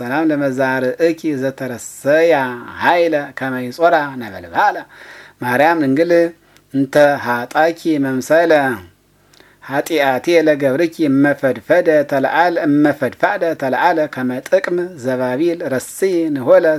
ሰላም ለመዛርእኪ ዘተረሰያ ሀይለ ኃይለ ከመይጾራ ነበልባለ ማርያም እንግል እንተ ሀጣኪ መምሰለ ኃጢአቴ ለገብርኪ እመፈድፈደ ተለአለ እመፈድፋደ ተለአለ ከመጥቅም ዘባቢል ረሲ ንሆለ